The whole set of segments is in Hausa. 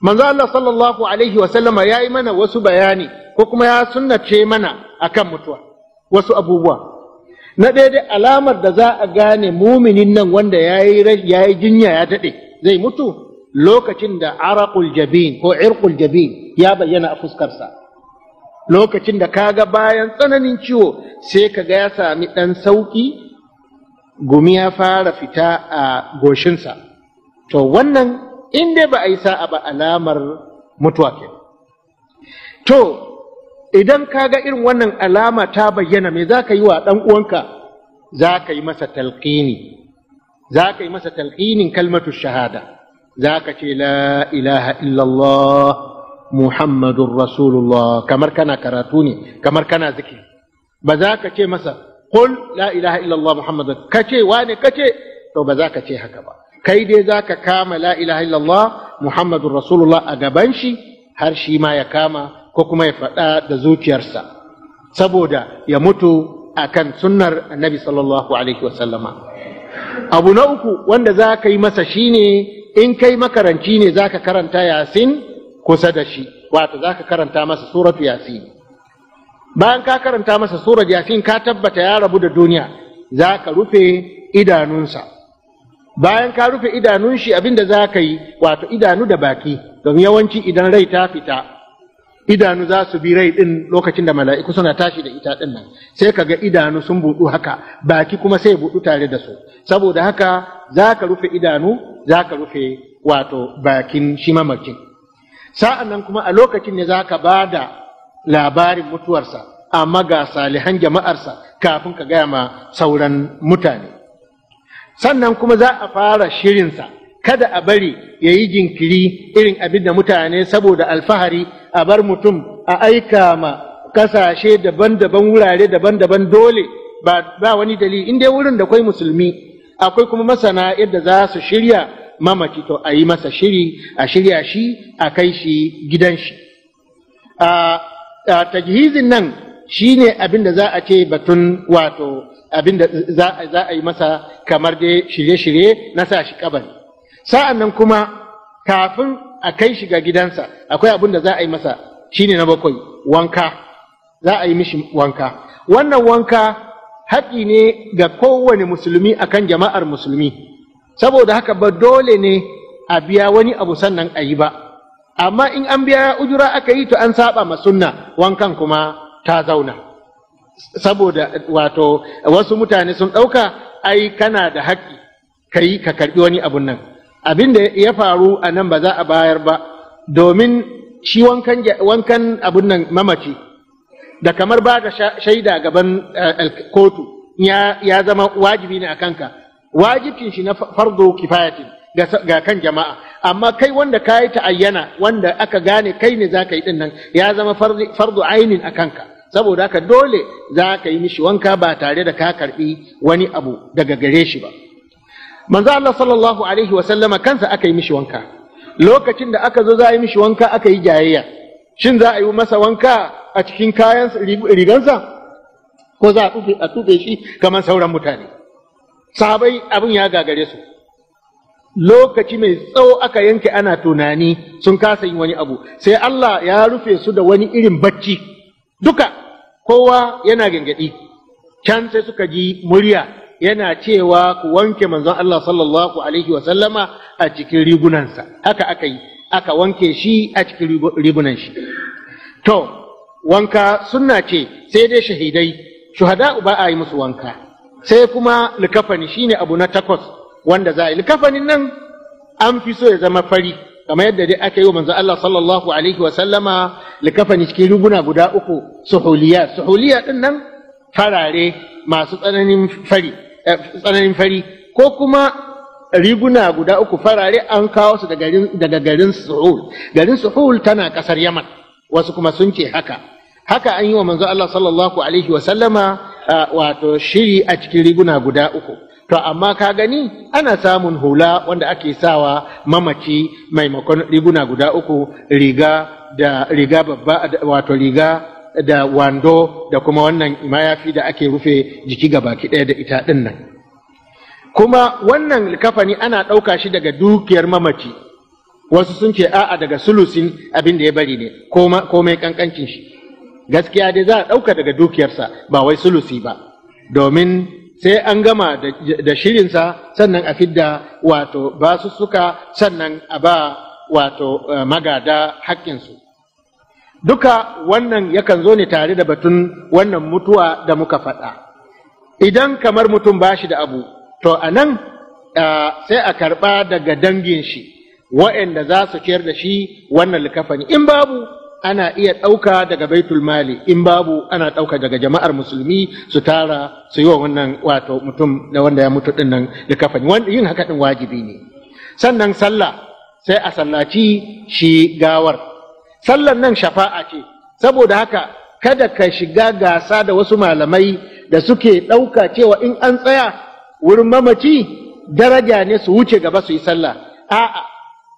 manzo Allah sallallahu alaihi wa sallama yi mana wasu bayani ko kuma ya sunnace mana akan mutuwa wasu abubuwa na ɗaya dai alamar da za a gane muminin nan wanda yayi jinya ya daɗe zai mutu lokacin da araqul jabin ko irqul jabin ya bayyana a fuskarsa lokacin da kaga bayan tsananin ciwo sai kaga ya sami ɗan sauƙi. gumi ya fara fita a goshinsa to wannan in dai ba a yi sa'a ba alamar mutuwa ke to idan ka ga irin wannan alama ta bayyana me za ka yi wa ɗan uwanka za ka yi masa talqini. za ka yi masa talqinin kalmatu shahada za ka ce la ilaha illallah muhammadun rasulullah kamar kana karatu ne kamar kana zikiri ba za ka ce masa qul la ilaha illallah muhammadun kace wane ce? to ba za ka ce haka ba kai dai za ka kama la ilaha illallah muhammadun rasulullah a gaban shi har shi ma ya kama ko kuma ya faɗa da zuciyarsa saboda ya mutu a kan sunnar annabi sallallahu alaihi wasallama abu na uku wanda za ka yi masa shine in kai makaranci ne za ka karanta yasin kusa da shi wato za ka karanta masa suratu yasin bayan ka karanta masa suratu yasin ka tabbata ya rabu da duniya za ka rufe idanunsa bayan ka rufe idanun shi abinda za ka yi wato idanu da baki don yawanci idan rai ta fita idanu za su bi rai din lokacin da mala'iku suna tashi da ita din nan sai ka ga idanu sun buɗu haka baki kuma sai buɗu tare da su saboda haka za ka rufe idanu za ka rufe wato bakin shi mamakin sa'an nan kuma a lokacin ne za ka ba da labarin mutuwarsa amma ga salihan jama'arsa kafin ka gaya ma sauran mutane sannan kuma za a fara shirinsa kada a bari ya yi jinkiri irin abin da mutane saboda alfahari a bar mutum a aika ma kasashe daban-daban wurare daban-daban dole ba, wani dalili in dai wurin da kwai musulmi akwai kuma masana yadda za su shirya mamaki, to a yi masa shiri a shirya shi a kai shi gidan shi a tajhizin nan shine abin da za a ce batun wato abin da za a yi masa kamar dai shirye-shirye na sa shi kabari sa'an nan kuma kafin a kai shi ga gidansa akwai abin da za a yi masa shine na bakwai wanka za a yi mishi wanka wannan wanka haƙi ne ga kowane musulmi akan jama'ar musulmi saboda haka ba dole ne a biya wani abu sannan a yi ba amma in an biya ujura aka yi to an saba ma sunna wankan kuma ta zauna saboda wato wasu mutane sun ɗauka ai kana da haƙƙi ka yi ka karɓi wani abun nan abin da ya faru a nan ba za a bayar ba domin shi wankan abun nan mamaci da kamar ba ka shaida gaban eh, kotu ya zama wajibi ne a kanka wajibin shi na fardo kifayatin ga kan jama'a amma kai wanda ka yi ta'ayyana wanda aka gane kai ne za ka yi ɗin nan ya zama fardo ainin a kanka saboda haka dole za ka yi mishi wanka ba tare da ka karɓi wani abu daga gare shi ba manzo Allah sallallahu alaihi wa sallama kansa aka yi mishi wanka lokacin da aka zo za a yi mishi wanka aka yi jayayya shin za a yi masa wanka a cikin kayan rigansa ko za a tuɓe shi kamar sauran mutane sahabai abin ya gagare su lokaci mai tsawo aka yanke ana tunani sun kasa yin wani abu sai Allah ya rufe su da wani irin bacci duka kowa yana gangadi can sai suka ji murya yana cewa ku wanke manzon Allah sallallahu alaihi wa sallama a cikin rigunansa haka aka yi aka wanke shi a cikin rigunan shi to wanka sunna ce sai dai shahidai shuhada ba a yi musu wanka sai kuma likafani shine abu na takwas wanda za a yi likafanin nan an fi so ya zama fari kamar yadda dai aka yi wa manzo Allah sallallahu alaihi wa sallama likafani cikin rubuna guda uku suhuliya suhuliya din nan farare masu tsananin fari eh, tsananin fari ko kuma riguna guda uku farare an kawo su daga garin suhul garin suhul tana kasar yaman wasu kuma sun ce haka haka an yi wa manzo Allah sallallahu alaihi wa sallama ah, wato shiri a cikin riguna guda uku to amma ka gani ana samun hula wanda ake sawa mamaci maimakon riguna guda uku riga da riga babba wato riga da wando da kuma wannan mayafi da ake rufe jiki ga baki ɗaya da ita ɗin nan kuma wannan kafani ana ɗauka shi daga dukiyar mamaci wasu sun ce a'a daga sulusin abin da ya bari ne komai kankancin shi gaskiya dai za a ɗauka daga dukiyarsa ba wai sulusi ba domin sai an gama da shirinsa sannan a fidda wato basussuka sannan a ba wato eh, magada haƙƙinsu. Duka wannan yakan zo ne tare da batun wannan mutuwa da muka faɗa. Idan kamar mutum ba shi da abu, to a nan eh, sai a karɓa daga dangin shi, wa'yanda za su ciyar da shi wannan likafani. In babu, ana iya ɗauka daga baitul mali in babu ana ɗauka daga jama'ar musulmi su tara su yi wa wannan wato mutum da wanda ya mutu ɗin nan likafani yin haka ɗin wajibi ne sannan sallah sai a sallaci shi gawar sallan nan shafa'a ce saboda haka kada ka shiga gasa da wasu malamai da suke ɗauka cewa in an tsaya wurin mamaci daraja ne su wuce gaba su yi sallah a'a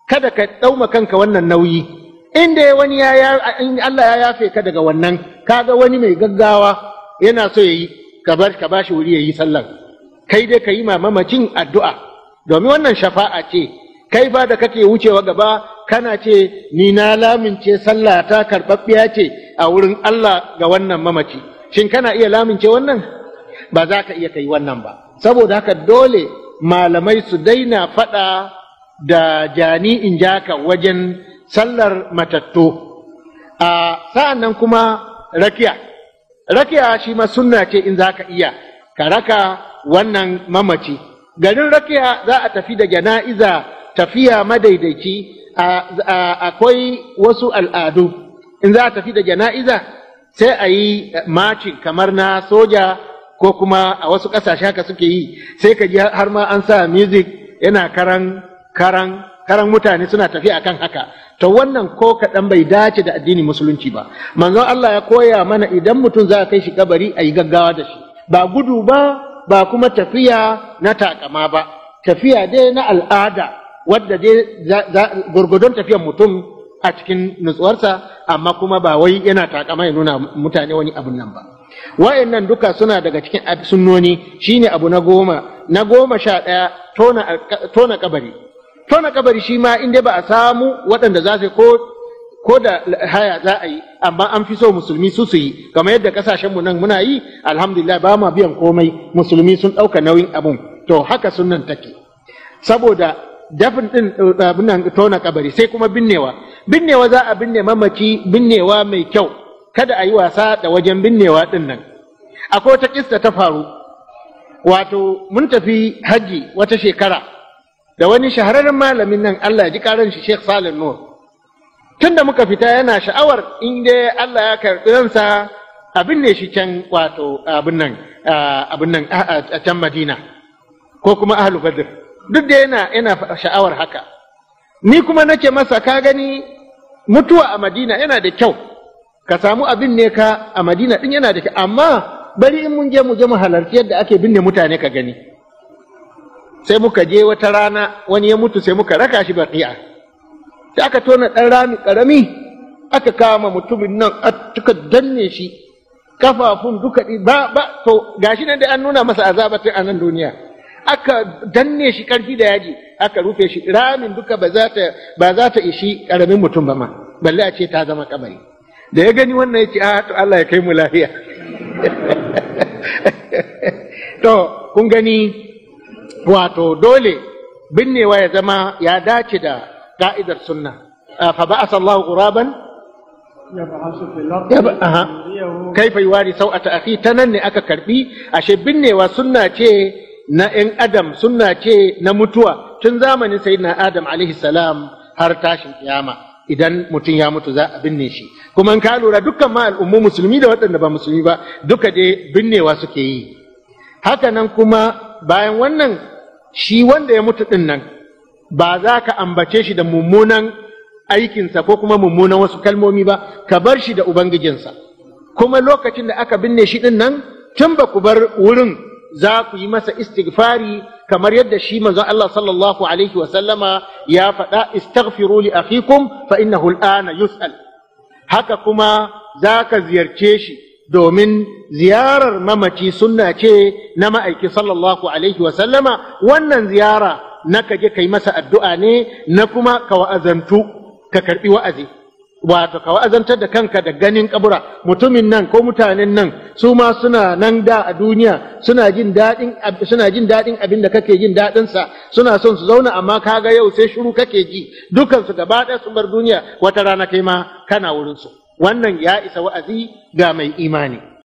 kada ka ɗauma kanka wannan nauyi inda ya wani ya Allah ya yafe ka daga wannan kaga wani mai gaggawa yana so yayi ka bar ka bashi wuri yi sallar kai dai ka yi mamacin addu'a domin wannan shafa'a ce kai fa da kake wucewa gaba kana ce ni na lamince sallah ta karɓaɓɓiya ce a wurin Allah ga wannan mamaci shin kana iya lamince wannan ba za ka iya kai wannan ba saboda haka dole malamai su daina faɗa da jani in jaka wajen sallar matattu a sa'an nan kuma rakiya rakiya shi ma sunna ce in zaka iya ka raka wannan mamaci garin rakiya za a tafi da jana'iza tafiya madaidaici akwai wasu al'adu in za a tafi da jana'iza sai a yi macin kamar na soja ko kuma a wasu ƙasashe haka suke yi sai ka ji har ma an sa music yana karan karan karan mutane suna tafi akan haka to wannan ko kaɗan bai dace da addinin musulunci ba manzon Allah ya koya mana idan mutum za kai shi kabari a yi gaggawa da shi ba gudu ba ba kuma tafiya na takama ba tafiya dai na al'ada wadda dai gurgudon tafiyar mutum a cikin nutsuwarsa amma kuma ba wai yana takama ya nuna mutane wani abun nan ba wa'annan duka suna daga cikin sunnoni shine abu na goma na goma sha ɗaya tona kabari tona kabari shi ma in dai ba a samu waɗanda za su ko ko da haya za a yi amma an fi so musulmi su su yi kamar yadda kasashen mu nan muna yi alhamdulillah ba ma biyan komai musulmi sun ɗauka nauyin abun to haka sunnan take saboda dafin din abin tona kabari sai kuma binnewa binnewa za a binne mamaci binnewa mai kyau kada a yi wasa da wajen binnewa din nan akwai wata kista ta faru wato mun tafi haji wata shekara da wani shahararren malamin nan Allah ya ji karan shi Sheikh Salim Nur Tunda muka fita yana sha'awar in dai Allah ya karɓi ransa abin ne shi can wato abin nan abin nan a can Madina ko kuma Ahlul Badr duk da yana yana sha'awar haka ni kuma nake masa ka gani mutuwa a Madina yana da kyau ka samu abin ne ka a Madina din yana da kyau amma bari in mun je mu je mu halarci yadda ake binne mutane ka gani sai muka je wata rana wani ya mutu sai muka raka shi baqi'a sai aka tona ɗan rami ƙarami aka kama mutumin nan tuka danne shi kafafun duka ba ba to gashi nan da an nuna masa azabatin a nan duniya aka danne shi karfi da yaji aka rufe shi ramin duka ba za ta ba za ta ishi karamin mutum ba ma balle a ce ta zama kabari da ya gani wannan yace a ah, to Allah ya kai mu lafiya to kun gani wato dole binnewa ya zama ya dace da ka'idar sunna fa ba'asa Allahu quraban kaifa yuwari sau'ata akhi ta nan ne aka karbi ashe binnewa sunna ce na ‘yan adam sunna ce na mutuwa tun zamanin sayyidina adam alaihi salam har tashin kiyama idan mutum ya mutu za a binne shi kuma in ka lura dukkan ma al'ummu musulmi da waɗanda ba musulmi ba duka dai binnewa suke yi haka nan kuma bayan wannan shi wanda ya mutu ɗin nan ba za ka ambace shi da mummunan aikinsa ko kuma mummunan wasu kalmomi ba ka bar shi da ubangijinsa kuma lokacin da aka binne shi ɗin nan tun ba ku bar wurin za ku yi masa istighfari kamar yadda shi manzon Allah sallallahu alaihi sallama ya faɗa istaghfiru li akhikum fa innahu al'ana yus'al haka kuma za ka ziyarce shi domin ziyarar mamaci sunna ce na ma'aiki sallallahu alaihi wasallama wannan ziyara na kaje kai masa addu'a ne na kuma ka wa'azantu ka karɓi wa'azi wato ka wa'azantar da kanka da ganin kabura mutumin nan ko mutanen nan su ma suna nan da a duniya suna jin daɗin suna jin daɗin abin da kake jin daɗin sa suna son su zauna amma kaga yau sai shiru kake ji dukan su gaba ɗaya sun bar duniya wata rana kai ma kana wurin su wannan ya isa wa'azi ga mai imani